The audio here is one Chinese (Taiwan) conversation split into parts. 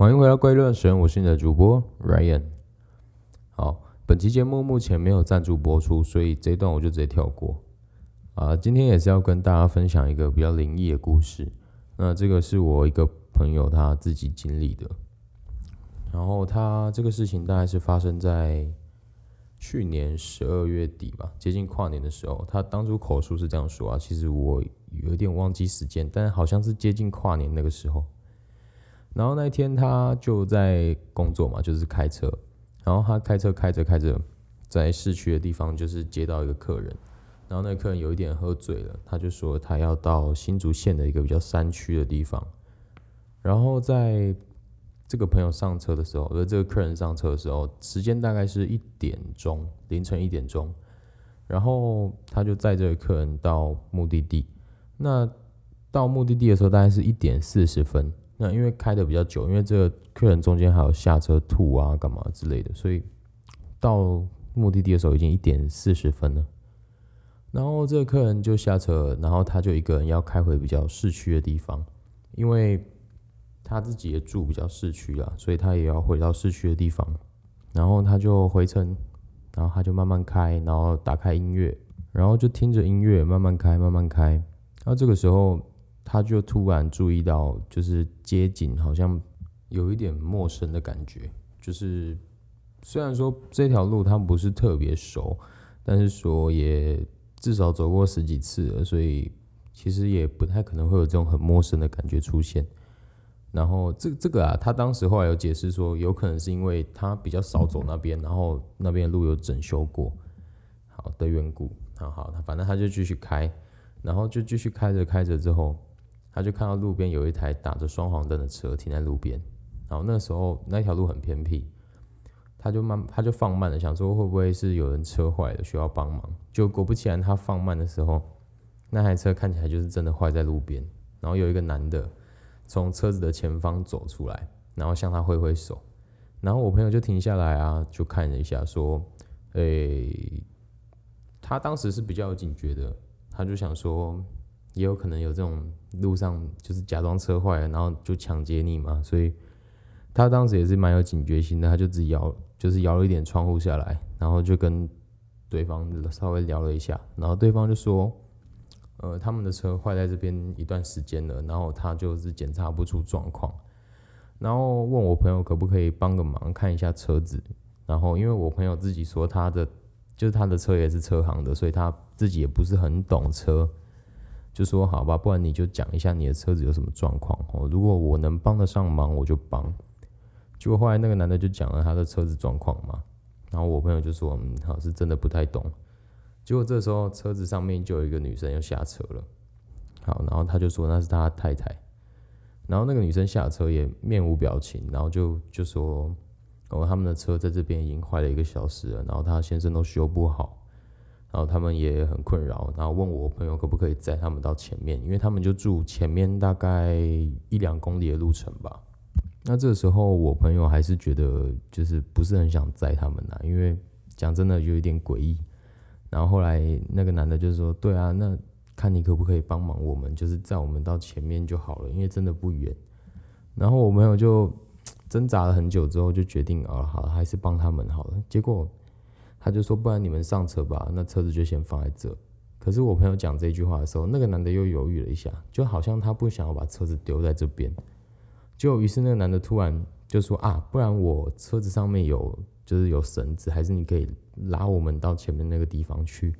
歡迎回到怪力亂神，我是你的主播 Ryan。好，本期節目目前沒有贊助播出，所以這一段我就直接跳過。啊，今天也是要跟大家分享一個比較靈異的故事。那這個是我一個朋友他自己經歷的。然後他這個事情大概是發生在去年十二月底吧，接近跨年的時候。他當初口述是這樣說啊，其實我有點忘記時間，但好像是接近跨年那個時候。然後那一天他就在工作嘛，就是開車。然後他開車開着開着，在市區的地方就是接到一個客人。然後那個客人有一點喝醉了，他就說他要到新竹縣的一個比較山區的地方。然後在這個朋友上車的時候，而這個客人上車的時候，時間大概是一點鐘，凌晨一點鐘。然後他就載這個客人到目的地。那到目的地的時候，大概是一點四十分。那因為開的比較久，因為這個客人中間還有下車吐啊、幹嘛之類的，所以到目的地的時候已經一點四十分了。然後這個客人就下車，然後他就一個人要開回比較市區的地方，因為他自己也住比較市區啊，所以他也要回到市區的地方。然後他就回程，然後他就慢慢開，然後打開音樂，然後就聽着音樂慢慢開，慢慢開。後、啊、這個時候。他就突然注意到，就是街景好像有一點陌生的感覺。就是雖然說這條路他不是特別熟，但是說也至少走過十幾次了，所以其實也不太可能會有這種很陌生的感覺出現。然後這這個啊，他當時後來有解釋說，有可能是因為他比較少走那邊，然後那邊路有整修過，好的緣故。好好，反正他就繼續開，然後就繼續開着開着之後。他就看到路邊有一台打着雙黃燈的車停在路邊，然後那時候那條路很偏僻，他就慢他就放慢了，想說會不會是有人車壞了需要幫忙？就果果不其然，他放慢的時候，那台車看起來就是真的壞在路邊，然後有一個男的從車子的前方走出來，然後向他揮揮手，然後我朋友就停下來啊，就看了一下，說：“誒，他當時是比較有警覺的，他就想說。”也有可能有這種路上就是假裝車壞了，然後就搶劫你嘛。所以他當時也是蠻有警覺心的，他就只搖，就是搖了一點窗戶下來，然後就跟對方稍微聊了一下，然後對方就說，呃，他們的車壞在這邊一段時間了，然後他就是檢查不出狀況，然後問我朋友可不可以幫個忙看一下車子。然後因為我朋友自己說他的，就是他的車也是車行的，所以他自己也不是很懂車。就說好吧，不然你就講一下你的車子有什麼狀況哦。如果我能幫得上忙，我就幫。結果後來那個男的就講了他的車子狀況嘛，然後我朋友就說嗯，好，是真的不太懂。結果這時候車子上面就有一個女生又下車了，好，然後他就說那是他太太。然後那個女生下車也面無表情，然後就就說哦，他們的車在這邊已經壞了一個小時了，然後他先生都修不好。然後他們也很困擾，然後問我朋友可不可以載他們到前面，因為他們就住前面大概一兩公里的路程吧。那這時候我朋友還是覺得就是不是很想載他們吶、啊，因為講真的有點詭異。然後後來那個男的就說：“對啊，那看你可不可以幫忙我們，就是載我們到前面就好了，因為真的不遠。”然後我朋友就掙扎了很久之後，就決定啊，好了，還是幫他們好了。結果。他就說：“不然你們上車吧，那車子就先放在這。”可是我朋友講這句話的時候，那個男的又猶豫了一下，就好像他不想要把車子丟在這邊。就於是那個男的突然就說：“啊，不然我車子上面有，就是有繩子，還是你可以拉我們到前面那個地方去？”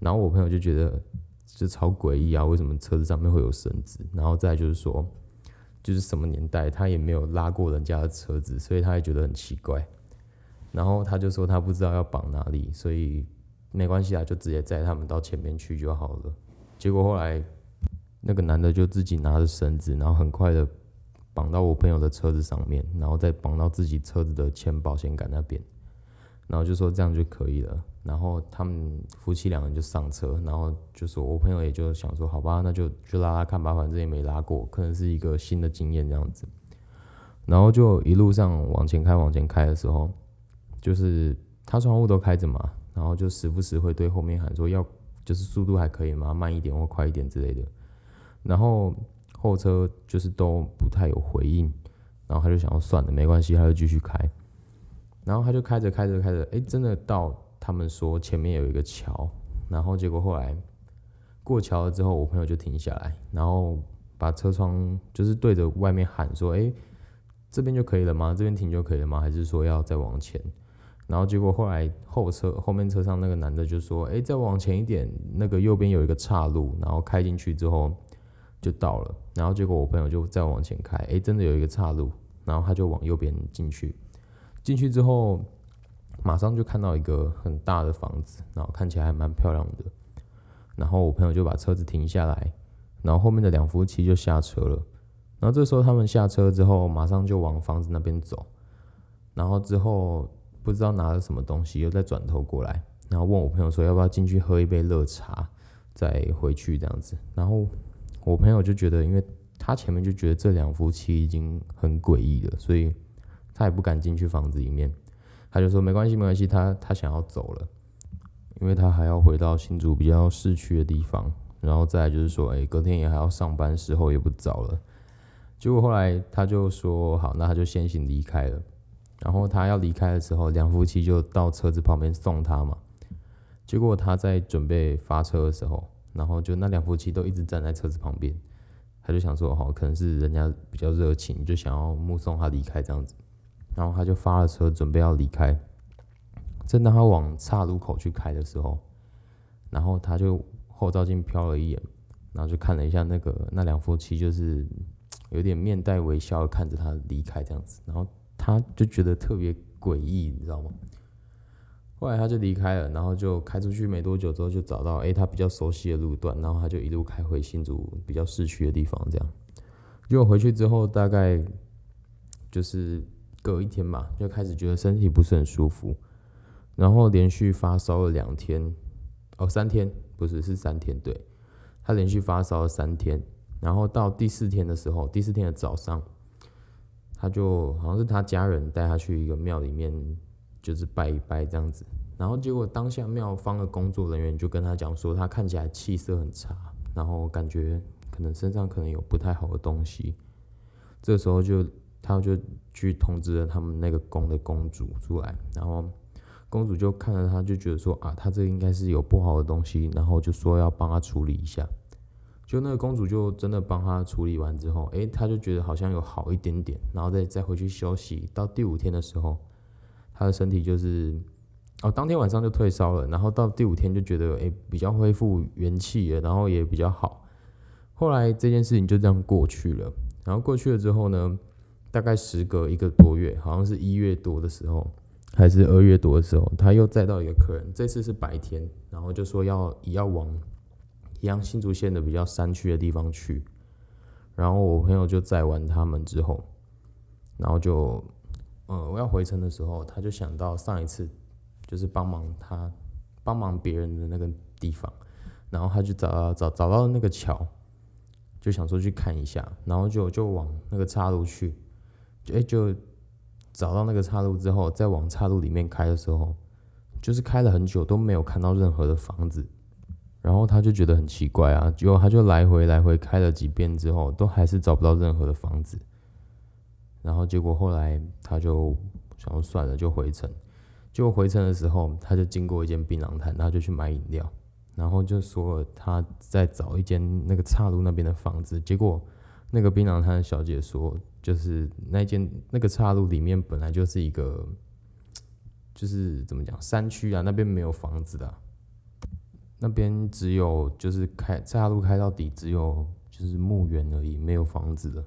然後我朋友就覺得就超詭異啊，為什麼車子上面會有繩子？然後再就是說，就是什麼年代他也沒有拉過人家的車子，所以他也覺得很奇怪。然後他就說他不知道要綁哪裡，所以沒關係啊，就直接載他們到前面去就好了。結果後來那個男的就自己拿着繩子，然後很快的綁到我朋友的車子上面，然後再綁到自己車子的前保險桿那邊，然後就說這樣就可以了。然後他們夫妻兩人就上車，然後就說我朋友也就想說好吧，那就就拉拉看吧，反正也沒拉過，可能是一個新的經驗這樣子。然後就一路上往前開往前開的時候。就是他窗戶都開着嘛，然後就時不時會對後面喊說要，就是速度還可以嗎？慢一點或快一點之類的。然後後車就是都不太有回應，然後他就想要算了，沒關係，他就繼續開。然後他就開着開着開着，欸，真的到他們說前面有一個橋，然後結果後來過橋了之後，我朋友就停下來，然後把車窗就是對着外面喊說，欸，這邊就可以了嗎？這邊停就可以了嗎？還是說要再往前？然後結果後來後車後面車上那個男的就說：“哎，再往前一點，那個右邊有一個岔路，然後開進去之後就到了。”然後結果我朋友就再往前開，哎，真的有一個岔路，然後他就往右邊進去。進去之後，馬上就看到一個很大的房子，然後看起來還蠻漂亮的。然後我朋友就把車子停下來，然後後面的兩夫妻就下車了。然後這時候他們下車之後，馬上就往房子那邊走。然後之後，不知道拿了什麼東西，又再轉頭過來，然後問我朋友說要不要進去喝一杯熱茶，再回去這樣子。然後我朋友就覺得，因為他前面就覺得這兩夫妻已經很詭異了，所以他也不敢進去房子裡面。他就說沒關係，沒關係，他他想要走了，因為他還要回到新竹比較市區的地方，然後再就是說，欸，隔天也還要上班，時候也不早了。結果後來他就說好，那他就先行離開了。然後他要離開的時候，兩夫妻就到車子旁邊送他嘛。結果他在準備發車的時候，然後就那兩夫妻都一直站在車子旁邊。他就想說，好，可能是人家比較熱情，就想要目送他離開這樣子。然後他就發了車，準備要離開。正當他往岔路口去開的時候，然後他就後照鏡瞟了一眼，然後就看了一下那個那兩夫妻，就是有點面帶微笑的看着他離開這樣子，然後。他就覺得特別詭異，你知道嗎？後來他就離開了，然後就開出去沒多久之後，就找到誒、欸，他比較熟悉的路段，然後他就一路開回新竹比較市區的地方，這樣。結果回去之後，大概就是隔一天嘛，就開始覺得身體不是很舒服，然後連續發燒了兩天，哦，三天，不是，是三天，對，他連續發燒了三天，然後到第四天的時候，第四天的早上。他就好像是他家人帶他去一個廟裡面，就是拜一拜這樣子。然後結果當下廟方的工作人員就跟他講說，他看起來氣色很差，然後感覺可能身上可能有不太好的東西。這時候就他就去通知了他們那個宮的公主出來，然後公主就看了他，就覺得說啊，他這應該是有不好的東西，然後就說要幫他處理一下。就那個公主就真的幫他處理完之後，誒、欸，他就覺得好像有好一點點，然後再再回去休息。到第五天的時候，他的身體就是，哦，當天晚上就退燒了，然後到第五天就覺得，誒、欸，比較恢復元氣了，然後也比較好。後來這件事情就這樣過去了，然後過去了之後呢，大概時隔一個多月，好像是一月多的時候，還是二月多的時候，他又載到一個客人，這次是白天，然後就說要也要往。陽新竹縣的比較山區的地方去，然後我朋友就載完他們之後，然後就，呃，我要回程的時候，他就想到上一次就是幫忙他幫忙別人的那個地方，然後他就找到找找到那個橋，就想說去看一下，然後就就往那個岔路去，哎、欸，就找到那個岔路之後，再往岔路裡面開的時候，就是開了很久都沒有看到任何的房子。然後他就覺得很奇怪啊，結果他就來回來回開了幾遍之後，都還是找不到任何的房子。然後結果後來他就想要算了，就回城。結果回城的時候，他就經過一間檳榔攤，他就去買飲料，然後就說他在找一間那個岔路那邊的房子。結果那個檳榔攤小姐說，就是那間那個岔路裡面本來就是一個，就是怎麼講，山區啊，那邊沒有房子的啊。那邊只有就是開岔路開到底，只有就是墓園而已，沒有房子了。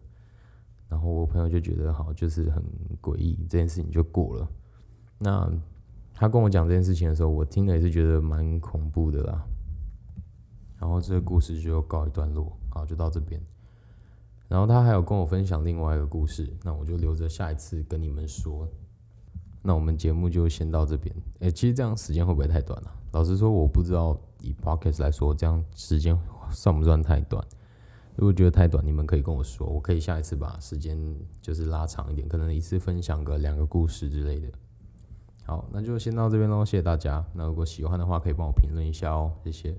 然後我朋友就覺得好，就是很詭異，這件事情就過了。那他跟我講這件事情的時候，我聽了也是覺得蠻恐怖的啦。然後這個故事就告一段落，好，就到這邊。然後他還有跟我分享另外一個故事，那我就留着下一次跟你們說。那我們節目就先到這邊。哎，其實這樣時間會不會太短了？老實說，我不知道。Podcast 來說，這樣時間算不算太短？如果覺得太短，你們可以跟我說，我可以下一次把時間就是拉長一點，可能一次分享個兩個故事之類的。好，那就先到這邊嘍，謝謝大家。那如果喜歡的話，可以幫我評論一下哦、喔，謝謝。